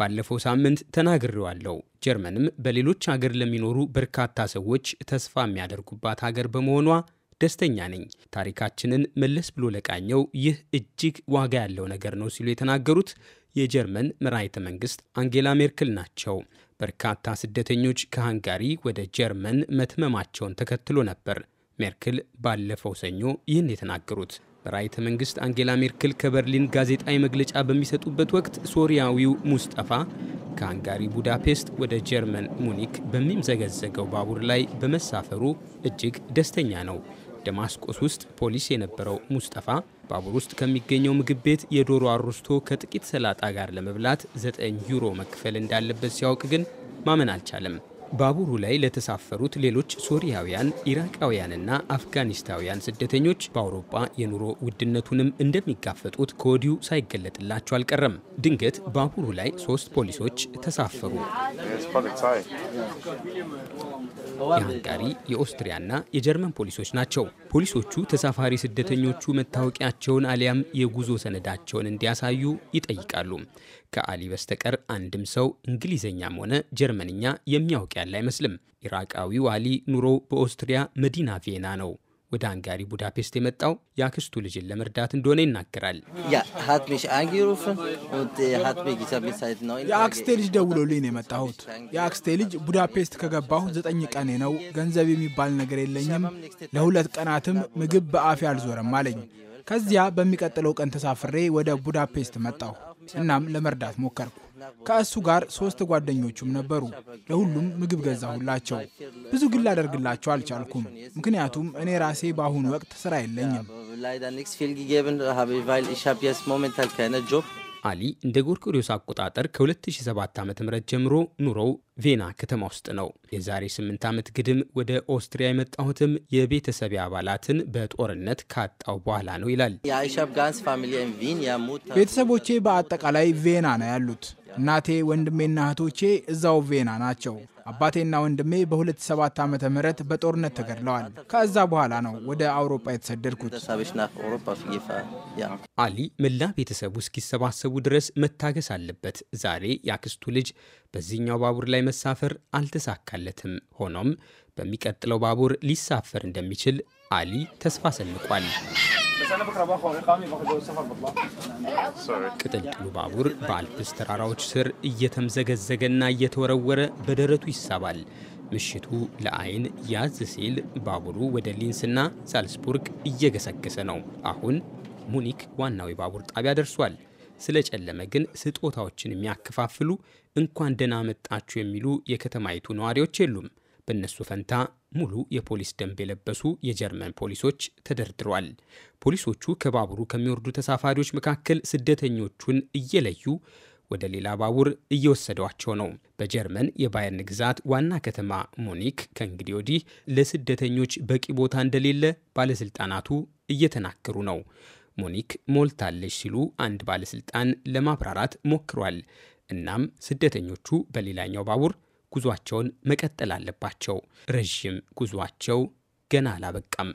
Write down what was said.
ባለፈው ሳምንት ተናግሬዋለሁ። ጀርመንም በሌሎች ሀገር ለሚኖሩ በርካታ ሰዎች ተስፋ የሚያደርጉባት ሀገር በመሆኗ ደስተኛ ነኝ። ታሪካችንን መለስ ብሎ ለቃኘው ይህ እጅግ ዋጋ ያለው ነገር ነው ሲሉ የተናገሩት የጀርመን መራሒተ መንግስት አንጌላ ሜርክል ናቸው። በርካታ ስደተኞች ከሃንጋሪ ወደ ጀርመን መትመማቸውን ተከትሎ ነበር ሜርክል ባለፈው ሰኞ ይህን የተናገሩት። በራይተ መንግስት አንጌላ ሜርክል ከበርሊን ጋዜጣዊ መግለጫ በሚሰጡበት ወቅት ሶሪያዊው ሙስጠፋ ከአንጋሪ ቡዳፔስት ወደ ጀርመን ሙኒክ በሚምዘገዘገው ባቡር ላይ በመሳፈሩ እጅግ ደስተኛ ነው። ደማስቆስ ውስጥ ፖሊስ የነበረው ሙስጠፋ ባቡር ውስጥ ከሚገኘው ምግብ ቤት የዶሮ አሮስቶ ከጥቂት ሰላጣ ጋር ለመብላት ዘጠኝ ዩሮ መክፈል እንዳለበት ሲያውቅ ግን ማመን አልቻለም። ባቡሩ ላይ ለተሳፈሩት ሌሎች ሶሪያውያን፣ ኢራቃውያንና አፍጋኒስታውያን ስደተኞች በአውሮፓ የኑሮ ውድነቱንም እንደሚጋፈጡት ከወዲሁ ሳይገለጥላቸው አልቀረም። ድንገት ባቡሩ ላይ ሶስት ፖሊሶች ተሳፈሩ። የሃንጋሪ የኦስትሪያና የጀርመን ፖሊሶች ናቸው። ፖሊሶቹ ተሳፋሪ ስደተኞቹ መታወቂያቸውን አሊያም የጉዞ ሰነዳቸውን እንዲያሳዩ ይጠይቃሉ። ከአሊ በስተቀር አንድም ሰው እንግሊዝኛም ሆነ ጀርመንኛ የሚያውቅ ያለ አይመስልም። ኢራቃዊው አሊ ኑሮው በኦስትሪያ መዲና ቪየና ነው። ወደ አንጋሪ ቡዳፔስት የመጣው የአክስቱ ልጅን ለመርዳት እንደሆነ ይናገራል። የአክስቴ ልጅ ደውሎልኝ ነው የመጣሁት። የአክስቴ ልጅ ቡዳፔስት ከገባሁ ዘጠኝ ቀኔ ነው። ገንዘብ የሚባል ነገር የለኝም። ለሁለት ቀናትም ምግብ በአፌ አልዞረም አለኝ። ከዚያ በሚቀጥለው ቀን ተሳፍሬ ወደ ቡዳፔስት መጣሁ። እናም ለመርዳት ሞከርኩ። ከእሱ ጋር ሶስት ጓደኞቹም ነበሩ። ለሁሉም ምግብ ገዛሁላቸው። ብዙ ግን ላደርግላቸው አልቻልኩም፣ ምክንያቱም እኔ ራሴ በአሁኑ ወቅት ስራ የለኝም። አሊ እንደ ጎርጎሪዮስ አቆጣጠር ከ2007 ዓ ም ጀምሮ ኑሮው ቬና ከተማ ውስጥ ነው። የዛሬ 8 ዓመት ግድም ወደ ኦስትሪያ የመጣሁትም የቤተሰብ አባላትን በጦርነት ካጣው በኋላ ነው ይላል። ቤተሰቦቼ በአጠቃላይ ቬና ነው ያሉት። እናቴ ወንድሜና እህቶቼ እዛው ቬና ናቸው። አባቴና ወንድሜ በ 27 ዓ ም በጦርነት ተገድለዋል። ከዛ በኋላ ነው ወደ አውሮፓ የተሰደድኩት። አሊ መላ ቤተሰቡ እስኪሰባሰቡ ድረስ መታገስ አለበት። ዛሬ የአክስቱ ልጅ በዚህኛው ባቡር ላይ መሳፈር አልተሳካለትም። ሆኖም በሚቀጥለው ባቡር ሊሳፈር እንደሚችል አሊ ተስፋ ሰንቋል። ቅጥልጥሉ ባቡር በአልፕስ ተራራዎች ስር እየተምዘገዘገና እየተወረወረ በደረቱ ይሳባል። ምሽቱ ለአይን ያዝ ሲል ባቡሩ ወደ ሊንስና ሳልስቡርግ እየገሰገሰ ነው። አሁን ሙኒክ ዋናው የባቡር ጣቢያ ደርሷል። ስለጨለመ ግን ስጦታዎችን የሚያከፋፍሉ እንኳን ደህና መጣችሁ የሚሉ የከተማይቱ ነዋሪዎች የሉም። በእነሱ ፈንታ ሙሉ የፖሊስ ደንብ የለበሱ የጀርመን ፖሊሶች ተደርድሯል። ፖሊሶቹ ከባቡሩ ከሚወርዱ ተሳፋሪዎች መካከል ስደተኞቹን እየለዩ ወደ ሌላ ባቡር እየወሰዷቸው ነው። በጀርመን የባየርን ግዛት ዋና ከተማ ሙኒክ ከእንግዲህ ወዲህ ለስደተኞች በቂ ቦታ እንደሌለ ባለስልጣናቱ እየተናገሩ ነው። ሙኒክ ሞልታለች ሲሉ አንድ ባለስልጣን ለማብራራት ሞክሯል። እናም ስደተኞቹ በሌላኛው ባቡር ጉዟቸውን መቀጠል አለባቸው። ረዥም ጉዟቸው ገና አላበቃም።